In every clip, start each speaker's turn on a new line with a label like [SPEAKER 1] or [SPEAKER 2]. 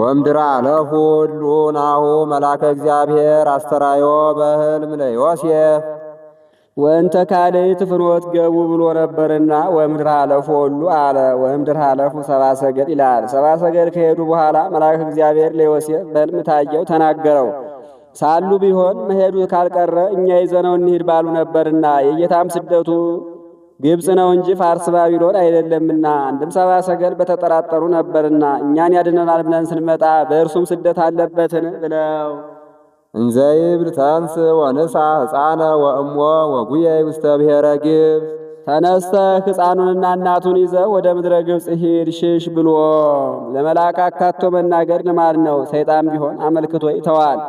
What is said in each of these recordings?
[SPEAKER 1] ወምድራ ለሁ ሁሉ ናሁ መላከ እግዚአብሔር አስተራዮ በህልም ለዮሴፍ
[SPEAKER 2] ወእንተ ካልእት ፍኖት ገቡ ብሎ ነበርና ወምድር ሀለፉ ሁሉ አለ። ወምድር ሀለፉ ሰባ ሰገድ ይላል። ሰባ ሰገድ ከሄዱ በኋላ መልአከ እግዚአብሔር ለዮሴፍ በህልም ታየው ተናገረው። ሳሉ ቢሆን መሄዱ ካልቀረ እኛ ይዘነው እንሂድ ባሉ ነበርና የጌታም ስደቱ ግብፅ ነው እንጂ ፋርስ ባቢሎን አይደለምና፣ አንድም ሰባ ሰገል በተጠራጠሩ ነበርና እኛን ያድነናል ብለን ስንመጣ በእርሱም ስደት አለበትን ብለው
[SPEAKER 1] እንዘይብል ተንስ ወንሳ ህፃነ ወእሞ ወጉየይ ውስተ ብሔረ ግብፅ
[SPEAKER 2] ተነስተህ ህፃኑንና እናቱን ይዘው ወደ ምድረ ግብፅ ሂድ ሽሽ ብሎ ለመልአክ አካቶ መናገር ልማድ ነው። ሰይጣን ቢሆን አመልክቶ ይተዋል።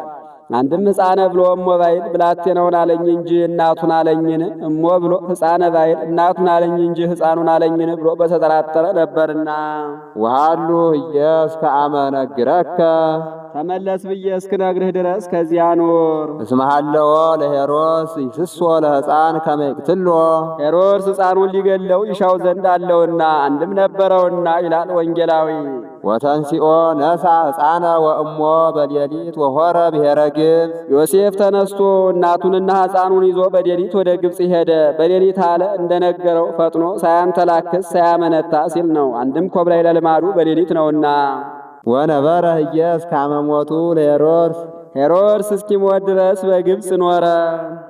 [SPEAKER 2] አንድም ሕፃነ ብሎ እሞ ባይል ብላቴናውን አለኝ እንጂ እናቱን አለኝን፣ እሞ ብሎ ሕፃነ ባይል እናቱን አለኝ እንጂ ሕፃኑን አለኝን ብሎ በተጠራጠረ ነበርና
[SPEAKER 1] ውሃሉ እየስከ አመነግረከ
[SPEAKER 2] ተመለስ ብዬ እስክነግርህ ድረስ ከዚያ ኖር።
[SPEAKER 1] እስመሃለዎ ለሄሮድስ ይስሶ ለሕፃን ከመይቅትሎ
[SPEAKER 2] ሄሮድስ ሕፃኑን ሊገለው ይሻው ዘንድ አለውና አንድም ነበረውና ይላል ወንጌላዊ።
[SPEAKER 1] ወተንሲኦ ነሳ ሕፃነ ወእሞ በሌሊት ወሆረ ብሔረ ግብፅ።
[SPEAKER 2] ዮሴፍ ተነስቶ እናቱንና ሕፃኑን ይዞ በሌሊት ወደ ግብፅ ሄደ። በሌሊት አለ እንደነገረው ፈጥኖ ሳያንተላክስ ሳያመነታ ሲል ነው። አንድም ኮብላይ ለልማዱ በሌሊት ነውና
[SPEAKER 1] ወነበረ ህየስ ካመሞቱ ለሄሮድስ
[SPEAKER 2] ሄሮድስ እስኪሞት ድረስ በግብፅ ኖረ።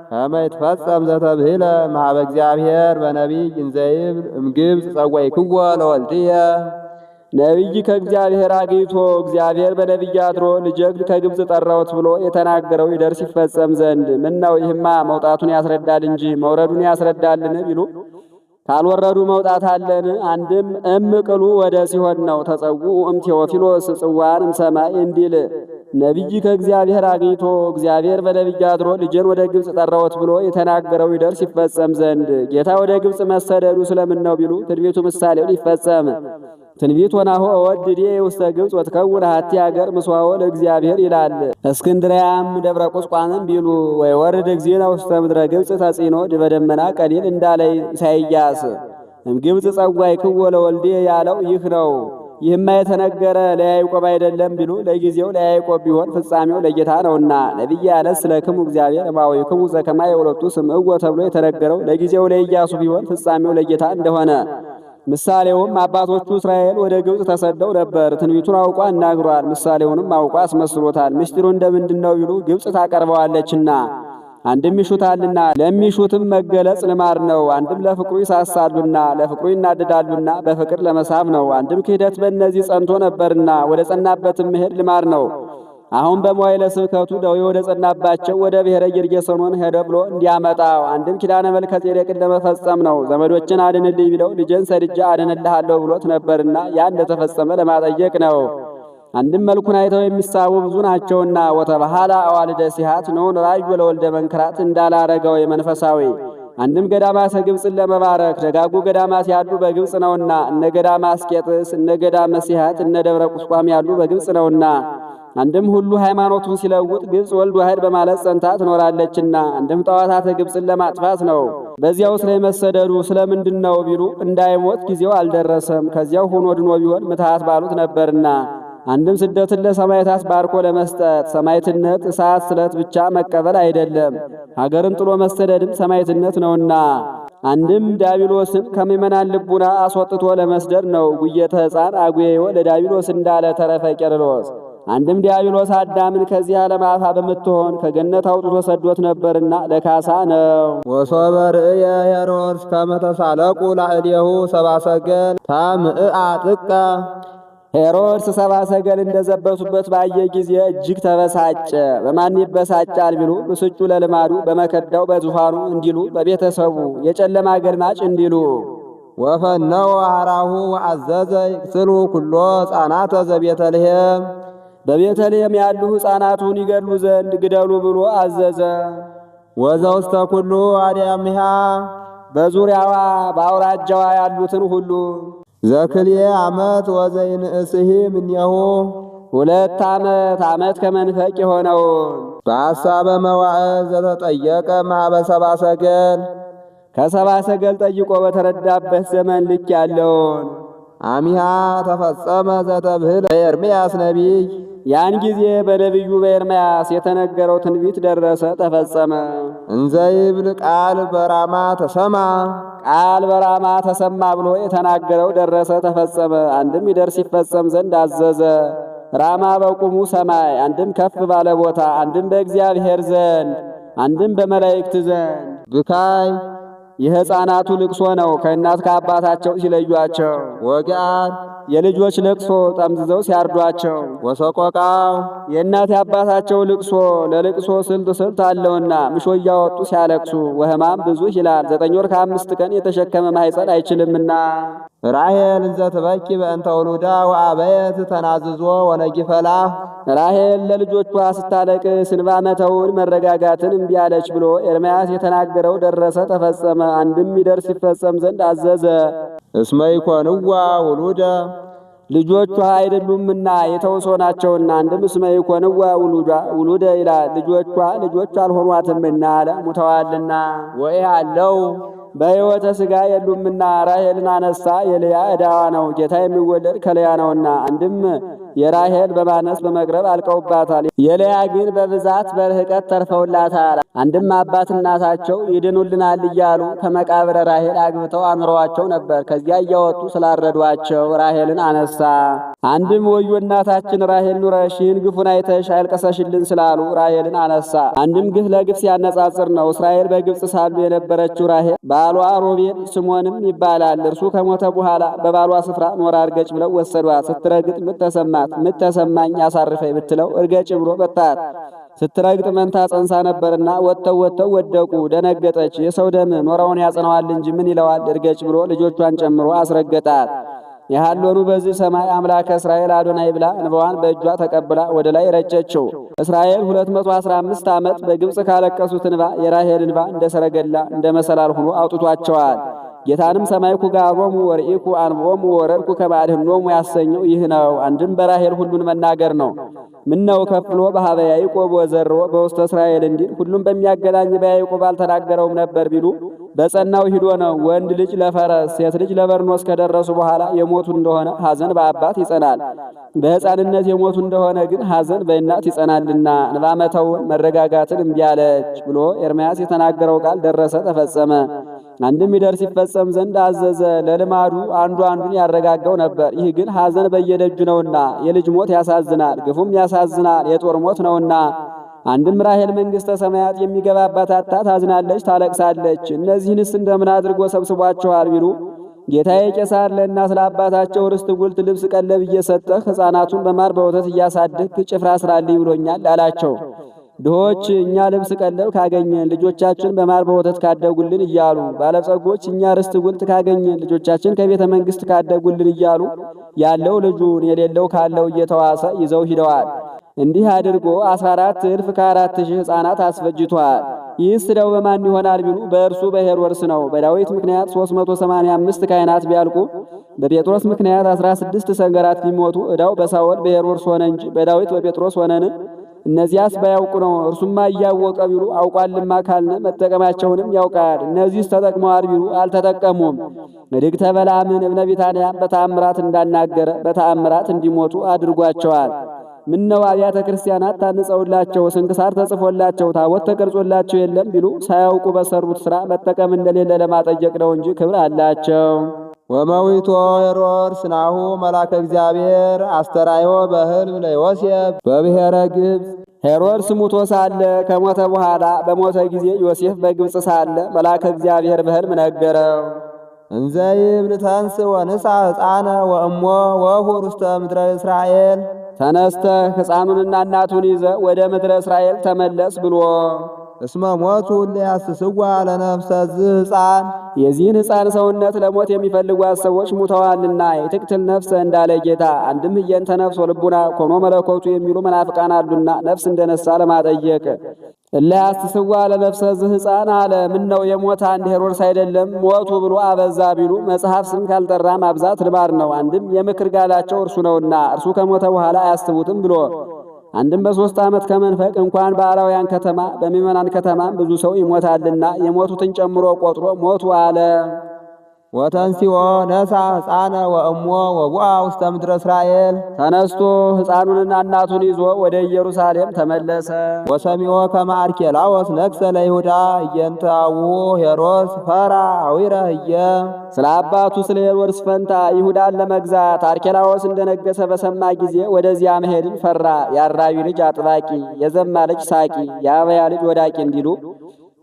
[SPEAKER 1] ከመ ይትፈጸም ዘተብህለ መሀበ እግዚአብሔር በነቢይ እንዘይብል እምግብፅ ጸዋዕክዎ ለወልድየ
[SPEAKER 2] ነቢይ ከእግዚአብሔር አግኝቶ እግዚአብሔር በነቢይ አድሮ ልጀግድ ከግብፅ ጠራሁት ብሎ የተናገረው ይደርስ ይፈጸም ዘንድ ምነው ይህማ መውጣቱን ያስረዳል እንጂ መውረዱን ያስረዳልን ቢሉ ካልወረዱ መውጣት አለን። አንድም እምቅሉ ወደ ሲሆን ነው ተጸውኡ እምቴዎፊሎስ ጽዋን እምሰማይ እንዲል ነቢይ ከእግዚአብሔር አግኝቶ እግዚአብሔር በነቢይ አድሮ ልጄን ወደ ግብፅ ጠራሁት ብሎ የተናገረው ይደርስ ይፈጸም ዘንድ ጌታ ወደ ግብፅ መሰደዱ ስለምን ነው ቢሉ ትንቢቱ ምሳሌውን ይፈጸም ትንቢት ወናሆ ወድዴ ውስተ ግብፅ ወትከውን ሀቲ ሀገር ምስዋወ ለእግዚአብሔር ይላል። እስክንድሪያም ደብረ ቁስቋምን ቢሉ ወይ ወርድ እግዚእነ ውስተ ምድረ ግብፅ ተጽኖ ድበደመና ቀሊል እንዳለ ኢሳይያስ እምግብፅ ጸጓይ ክወ ለወልዴ ያለው ይህ ነው። ይህማ የተነገረ ለያይቆብ አይደለም ቢሉ ለጊዜው ለያይቆብ ቢሆን ፍጻሜው ለጌታ ነውና ነቢይ ያለ ስለ ክሙ እግዚአብሔር እማወይ ክሙ ዘከማ የሁለቱ ስም እወ ተብሎ የተነገረው ለጊዜው ለኢያሱ ቢሆን ፍጻሜው ለጌታ እንደሆነ ምሳሌውም አባቶቹ እስራኤል ወደ ግብፅ ተሰደው ነበር። ትንቢቱን አውቋ እናግሯል። ምሳሌውንም አውቋ አስመስሎታል። ምስጢሩ እንደምንድን ነው ቢሉ ግብፅ ታቀርበዋለችና አንድም ይሹታልና ለሚሹትም መገለጽ ልማድ ነው። አንድም ለፍቅሩ ይሳሳሉና ለፍቅሩ ይናደዳሉና በፍቅር ለመሳብ ነው። አንድም ክህደት በእነዚህ ጸንቶ ነበርና ወደ ጸናበትም መሄድ ልማድ ነው። አሁን በመዋዕለ ስብከቱ ደዌው ወደ ጸናባቸው ወደ ብሔረ ጌርጌሰኖን ሄደ ብሎ እንዲያመጣው አንድም ኪዳነ መልከ ጼዴቅን ለመፈጸም ነው። ዘመዶችን አድንልኝ ቢለው ልጄን ሰድጃ አድንልሃለሁ ብሎት ነበርና ያ እንደተፈጸመ ለማጠየቅ ነው። አንድም መልኩን አይተው የሚሳቡ ብዙ ናቸውና ወተባሃላ አዋልደ ሲሃት ነውን ራዩ ለወልደ መንክራት እንዳላረገው የመንፈሳዊ አንድም ገዳማሰ ግብፅን ለመባረክ ደጋጉ ገዳማት ያሉ በግብፅ ነውና እነ ገዳማ አስቄጥስ፣ እነ ገዳመ ሲሃት፣ እነ ደብረ ቁስቋም ያሉ በግብፅ ነውና አንድም ሁሉ ሃይማኖቱን ሲለውጥ ግብፅ ወልድ ዋህድ በማለት ጸንታ ትኖራለችና፣ አንድም ጣዖታተ ግብፅን ለማጥፋት ነው። በዚያው ስለመሰደዱ ስለምንድን ነው ቢሉ እንዳይሞት ጊዜው አልደረሰም፣ ከዚያው ሆኖ ድኖ ቢሆን ምትሃት ባሉት ነበርና። አንድም ስደትን ለሰማዕታት ባርኮ ለመስጠት ሰማይትነት እሳት ስለት ብቻ መቀበል አይደለም፣ ሀገርን ጥሎ መሰደድም ሰማይትነት ነውና። አንድም ዳቢሎስን ከምዕመናን ልቡና አስወጥቶ ለመስደድ ነው። ጉየተ ሕፃን አጉየዮ ለዳቢሎስ እንዳለ ተረፈ ቄርሎስ አንድም ዲያብሎስ አዳምን ከዚህ ዓለም አፋ በምትሆን ከገነት አውጥቶ ሰዶት ነበርና ለካሳ ነው። ወሶበ ርእየ ሄሮድስ ከመተሳለቁ ላዕሌሁ ሰባሰገል ታምእ አጥቃ ሄሮድስ ሰገል እንደዘበቱበት ባየ ጊዜ እጅግ ተበሳጨ። በማን ይበሳጫል ቢሉ ብስጩ ለልማዱ በመከዳው በዙፋኑ እንዲሉ በቤተሰቡ የጨለማ ገልማጭ እንዲሉ ወፈነወ አራሁ አዘዘ ይቅትሉ ኩሎ ሕፃናተ ዘቤተልሔም በቤተልሔም ያሉ ሕፃናቱን ይገድሉ ዘንድ ግደሉ ብሎ አዘዘ። ወዘውስተ ኩሉ አድያሚሃ በዙሪያዋ በአውራጃዋ ያሉትን ሁሉ ዘክልኤ ዓመት ወዘይንእስሂ እምኔሁ ሁለት ዓመት ዓመት ከመንፈቅ የሆነው በሐሳበ መዋዕል ዘተጠየቀ ማኅበ ሰብአ ሰገል ከሰብአ ሰገል ጠይቆ በተረዳበት ዘመን ልክ ያለውን አሚሃ ተፈጸመ ዘተብህል ኤርምያስ ነቢይ ያን ጊዜ በነቢዩ በኤርምያስ የተነገረው ትንቢት ደረሰ፣ ተፈጸመ። እንዘይብል ቃል በራማ ተሰማ፣ ቃል በራማ ተሰማ ብሎ የተናገረው ደረሰ፣ ተፈጸመ። አንድም ይደርስ ይፈጸም ዘንድ አዘዘ። ራማ በቁሙ ሰማይ፣ አንድም ከፍ ባለ ቦታ፣ አንድም በእግዚአብሔር ዘንድ፣ አንድም በመላእክት ዘንድ ብካይ የሕፃናቱ ልቅሶ ነው፣ ከእናት ከአባታቸው ሲለዩአቸው ወጋን የልጆች ልቅሶ ጠምዝዘው ሲያርዷቸው ወሰቆቃው የእናት አባታቸው ልቅሶ ለልቅሶ ስልት ስልት አለውና ምሾ እያወጡ ሲያለቅሱ ወህማም ብዙ ይላል ዘጠኝ ወር ከአምስት ቀን የተሸከመ ማሕፀን አይችልምና ራሄል እንዘ ትበኪ በእንተ ውሉዳ ወአበየት ተናዝዞ ወነጊፈላ ራሄል ለልጆቿ ስታለቅ ስንባ መተውን መረጋጋትን እምቢ አለች ብሎ ኤርምያስ የተናገረው ደረሰ ተፈጸመ። አንድም ይደርስ ይፈጸም ዘንድ አዘዘ። እስመ ይኮንዋ ውሉደ ልጆቿ አይደሉምና የተውሶ ናቸውና አንድም እስመ ውሉዳ ውሉደ ይላል። ልጆቿ ልጆች አልሆኗትምና ሙተዋልና። ወይ አለው በሕይወተ ሥጋ የሉምና ራሄልን አነሳ። የልያ ዕዳዋ ነው ጌታ የሚወለድ ከልያ ነውና አንድም የራሄል በማነስ በመቅረብ አልቀውባታል። የልያ ግን በብዛት በርህቀት ተርፈውላታል። አንድም አባት እናታቸው ይድኑልናል እያሉ ከመቃብረ ራሄል አግብተው አኑረዋቸው ነበር። ከዚያ እያወጡ ስላረዷቸው ራሄልን አነሳ። አንድም ወዮ እናታችን ራሄል ኑረሽን ግፉን አይተሽ አልቀሰሽልን ስላሉ ራሄልን አነሳ። አንድም ግፍ ለግፍ ሲያነጻጽር ነው። እስራኤል በግብፅ ሳሉ የነበረችው ራሄል ባሏ ሮቤል ስሞንም ይባላል። እርሱ ከሞተ በኋላ በባሏ ስፍራ ኖራ እርገጭ ብለው ወሰዷት። ስትረግጥ ምተሰማት ተሰማት። ምጥ ተሰማኝ አሳርፈኝ ብትለው እርገጭ ብሎ በታት ስትረግጥ መንታ ጸንሳ ነበርና ወጥተው ወጥተው ወደቁ። ደነገጠች። የሰው ደም ኖራውን ያጽነዋል እንጂ ምን ይለዋል? እርገጭ ብሎ ልጆቿን ጨምሮ አስረገጣት። የሃሎሩ በዚህ ሰማይ አምላከ እስራኤል አዶናይ ብላ እንባዋን በእጇ ተቀብላ ወደ ላይ ረጨችው። እስራኤል 215 ዓመት በግብፅ ካለቀሱት እንባ የራሄል እንባ እንደ ሰረገላ እንደ መሰላል ሆኖ አውጥቷቸዋል። ጌታንም ሰማይኩ ጋቦሙ ወርኢኩ አንቦሙ ወረድኩ ከማድህኖሙ ያሰኘው ይህ ነው። አንድም በራሄል ሁሉን መናገር ነው። ምነው ከፍሎ በኀበ ያዕቆብ ወዘርኦ በውስተ እስራኤል እንዲል ሁሉም በሚያገናኝ በያዕቆብ አልተናገረውም ነበር ቢሉ በጸናው ሂዶ ነው። ወንድ ልጅ ለፈረስ ሴት ልጅ ለበርኖስ ከደረሱ በኋላ የሞቱ እንደሆነ ሐዘን በአባት ይጸናል። በሕፃንነት የሞቱ እንደሆነ ግን ሐዘን በእናት ይጸናልና ንባመተውን መረጋጋትን እምቢ አለች ብሎ ኤርምያስ የተናገረው ቃል ደረሰ፣ ተፈጸመ። አንድም ይደርስ ሲፈጸም ዘንድ አዘዘ። ለልማዱ አንዱ አንዱን ያረጋጋው ነበር። ይህ ግን ሐዘን በየደጁ ነውና የልጅ ሞት ያሳዝናል፣ ግፉም ያሳዝናል፣ የጦር ሞት ነውና። አንድም ራሔል መንግሥተ ሰማያት የሚገባባት አታ ታዝናለች፣ ታለቅሳለች። እነዚህንስ እንደምን አድርጎ ሰብስቧቸዋል ቢሉ ጌታዬ ቄሳር ለእና ስለ አባታቸው ርስት ጉልት ልብስ ቀለብ እየሰጠህ ሕፃናቱን በማር በወተት እያሳደግህ ጭፍራ ስራልኝ ብሎኛል አላቸው። ድሆች እኛ ልብስ ቀለብ ካገኘን ልጆቻችን በማር በወተት ካደጉልን እያሉ፣ ባለጸጎች እኛ ርስት ጉልት ካገኘን ልጆቻችን ከቤተ መንግስት ካደጉልን እያሉ ያለው ልጁን የሌለው ካለው እየተዋሰ ይዘው ሂደዋል። እንዲህ አድርጎ አስራ አራት እልፍ ከአራት ሺህ ሕፃናት አስፈጅቷል። ይህ ስደው በማን ይሆናል ቢሉ በእርሱ በሄሮድስ ነው። በዳዊት ምክንያት 385 ካህናት ቢያልቁ በጴጥሮስ ምክንያት 16 ሰንገራት ቢሞቱ በሳወል በሳኦል በሄሮድስ ሆነ እንጂ በዳዊት በጴጥሮስ ሆነን እነዚያስ ባያውቁ ነው። እርሱማ እያወቀ ቢሉ አውቋልማ ካልነ መጠቀማቸውንም ያውቃል። እነዚህስ ተጠቅመዋል ቢሉ አልተጠቀሙም። ንድግ ተበላምን እብነ ቢታንያ በተአምራት እንዳናገረ በተአምራት እንዲሞቱ አድርጓቸዋል። ምነው አብያተ ክርስቲያናት ታንጸውላቸው ስንክሳር ተጽፎላቸው ታቦት ተቀርጾላቸው የለም ቢሉ ሳያውቁ በሰሩት ሥራ መጠቀም እንደሌለ ለማጠየቅ ነው እንጂ ክብር አላቸው። ወመዊቶ ሄሮድስ ናሁ መላከ እግዚአብሔር አስተራዮ በሕልም ለዮሴፍ በብሔረ ግብፅ። ሄሮድስ ሙቶ ሳለ ከሞተ በኋላ በሞተ ጊዜ ዮሴፍ በግብፅ ሳለ መላከ እግዚአብሔር በሕልም ነገረው። እንዘይብ ንተንስ ወንሳ ሕፃነ ወእሞ ወእሁ ርስተ ምድረ እስራኤል ተነስተ፣ ህፃኑንና እናቱን ይዘ ወደ ምድረ እስራኤል ተመለስ ብሎ እስመ ሞቱ ለያስስዋ ለነፍሰ ዝህ ሕፃን የዚህን ሕፃን ሰውነት ለሞት የሚፈልጓት ሰዎች ሙተዋልና የትቅትል ነፍሰ እንዳለ ጌታ አንድም ህየንተ ነፍስ ወልቡና ኮኖ መለኮቱ የሚሉ መናፍቃን አሉና ነፍስ እንደነሳ ለማጠየቅ ለያስስዋ ለነፍሰ ዝህ ሕፃን አለ። ምን ነው የሞተ አንድ ሄሮድስ አይደለም ሞቱ ብሎ አበዛ ቢሉ መጽሐፍ ስም ካልጠራ ማብዛት ልማድ ነው። አንድም የምክር ጋላቸው እርሱ ነውና እርሱ ከሞተ በኋላ አያስቡትም ብሎ አንድም በሶስት ዓመት ከመንፈቅ እንኳን በአላውያን ከተማ በሚመናን ከተማ ብዙ ሰው ይሞታልና የሞቱትን ጨምሮ ቆጥሮ ሞቱ አለ። ወተንሲኦ ነሳ ሕፃነ ወእሞ ወቡአ ውስተ ምድረ እስራኤል ተነስቶ ሕፃኑንና እናቱን ይዞ ወደ ኢየሩሳሌም ተመለሰ። ወሰሚዎ ከመ አርኬላዎስ ለይሁዳ እየንታውሁ ሄሮድስ ፈራ አዊረ እየ ስለ አባቱ ስለ ሄሮድስ ፈንታ ይሁዳን ለመግዛት አርኬላዎስ እንደነገሰ በሰማ ጊዜ ወደዚያ መሄድን ፈራ። የአራቢ ልጅ አጥባቂ፣ የዘማ ልጅ ሳቂ፣ የአበያ ልጅ ወዳቂ እንዲሉ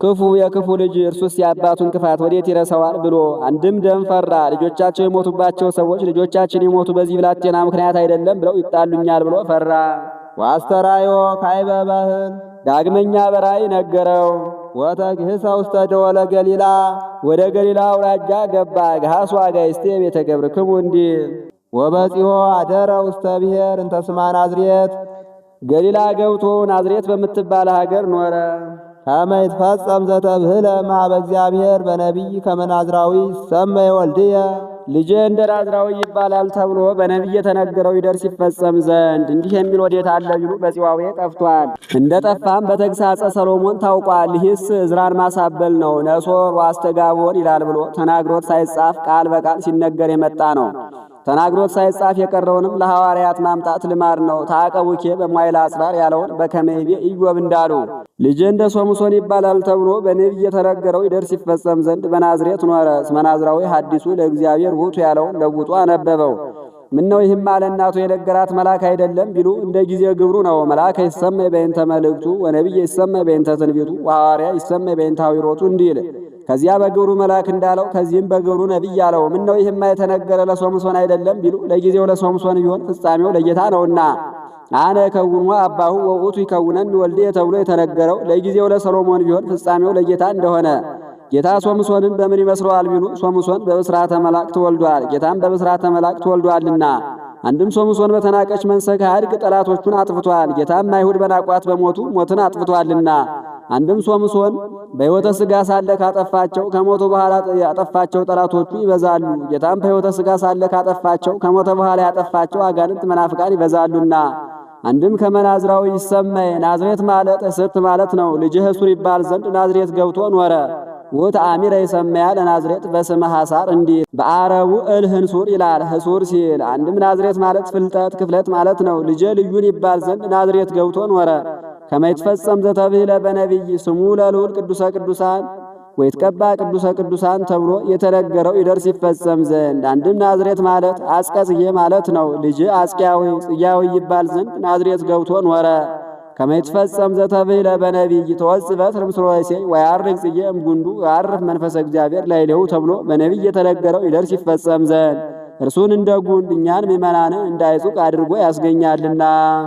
[SPEAKER 2] ክፉ የክፉ ልጅ እርሱስ የአባቱን ክፋት ወዴት ይረሰዋል ብሎ አንድም ደም ፈራ። ልጆቻቸው የሞቱባቸው ሰዎች ልጆቻችን የሞቱ በዚህ ብላቴና ምክንያት አይደለም ብለው ይጣሉኛል ብሎ ፈራ። ዋስተራዮ ካይበ ባህል ዳግመኛ በራእይ ነገረው። ወተግህሰ ውስተ ደወለ ገሊላ ወደ ገሊላ አውራጃ ገባ። ገሃሱ አጋይስቴ ቤተ ገብርክሙ እንዲል ወበጺሖ አደረ ውስተ ብሔር እንተስማ ናዝሬት ገሊላ ገብቶ ናዝሬት በምትባል ሀገር ኖረ። ከመ ይትፈጸም ዘተብህለ ማኅበ እግዚአብሔር በነቢይ ከመናዝራዊ ሰመ ወልድየ ልጄ እንደ ናዝራዊ ይባላል ተብሎ በነቢይ የተነገረው ይደርስ ይፈጸም ዘንድ እንዲህ የሚል ወዴት አለ ቢሉ በጽዋዌ ጠፍቷል። እንደ ጠፋም በተግሳጸ ሰሎሞን ታውቋል። ይህስ እዝራን ማሳበል ነው። ነሶር ዋስተጋቦን ይላል ብሎ ተናግሮት ሳይጻፍ ቃል በቃል ሲነገር የመጣ ነው። ተናግሮት ሳይጻፍ የቀረውንም ለሐዋርያት ማምጣት ልማድ ነው። ታቀቡኬ በማይል አጽራር ያለውን በከመይቤ ኢዮብ እንዳሉ ልጄ እንደ ሶምሶን ይባላል ተብሎ በነቢይ የተነገረው ይደርስ ይፈጸም ዘንድ በናዝሬት ኖረ። መናዝራዊ ሐዲሱ ለእግዚአብሔር ውቱ ያለውን ለውጡ አነበበው። ምነው ይህም አለ እናቱ የነገራት መልአክ አይደለም ቢሉ እንደ ጊዜ ግብሩ ነው። መልአክ ይሰመይ በእንተ መልእክቱ ወነቢይ ይሰመይ በእንተ ትንቢቱ ወሐዋርያ ይሰመይ በእንተ ሐዊሮቱ እንዲል ከዚያ በግብሩ መልአክ እንዳለው ከዚህም በግብሩ ነቢይ አለው። ምን ነው ይህማ የተነገረ ለሶምሶን አይደለም ቢሉ ለጊዜው ለሶምሶን ቢሆን ፍጻሜው ለጌታ ነውና አነ ከውኑ አባሁ ወውቱ ይከውነን ወልዴ ተብሎ የተነገረው ለጊዜው ለሰሎሞን ቢሆን ፍጻሜው ለጌታ እንደሆነ ጌታ ሶምሶንን በምን ይመስለዋል ቢሉ ሶምሶን በብስራተ መልአክ ተወልዷል፣ ጌታም በብስራተ መልአክ ተወልዷልና አንድም ሶምሶን በተናቀች መንሰክ አድግ ጠላቶቹን አጥፍቷል፣ ጌታም አይሁድ በናቋት በሞቱ ሞትን አጥፍቷልና አንድም ሶምሶን በሕይወተ ሥጋ ሳለ ካጠፋቸው ከሞተ በኋላ ያጠፋቸው ጠላቶቹ ይበዛሉ፣ ጌታም በሕይወተ ሥጋ ሳለ ካጠፋቸው ከሞተ በኋላ ያጠፋቸው አጋንንት መናፍቃን ይበዛሉና። አንድም ከመናዝራዊ ይሰመይ ናዝሬት ማለት እስርት ማለት ነው። ልጅህ እሱር ይባል ዘንድ ናዝሬት ገብቶ ኖረ። ውት አሚረ ይሰመያ ለናዝሬት በስመ ሐሳር እንዲል በአረቡ እል ህንሱር ይላል። ህሱር ሲል አንድም ናዝሬት ማለት ፍልጠት ክፍለት ማለት ነው። ልጅህ ልዩን ይባል ዘንድ ናዝሬት ገብቶ ኖረ። ከመይትፈጸም ዘተብህለ በነቢይ ስሙ ለልዑል ቅዱሰ ቅዱሳን ወይትቀባ ቅዱሰ ቅዱሳን ተብሎ የተነገረው ይደርስ ይፈጸም ዘንድ አንድም ናዝሬት ማለት አጽቀ ጽጌ ማለት ነው። ልጅ አጽቅያዊ ጽጌያዊ ይባል ዘንድ ናዝሬት ገብቶ ኖረ። ከመይትፈጸም ዘተብህለ በነቢይ ተወጽ በትር ምስሮ ወይሴ ወያርግ ጽጌ እምጉንዱ ያርፍ መንፈሰ እግዚአብሔር ላዕሌሁ ተብሎ በነቢይ የተነገረው ይደርስ ይፈጸም ዘንድ እርሱን እንደ ጉንድ እኛን ምእመናንን እንዳይጹቅ አድርጎ ያስገኛልና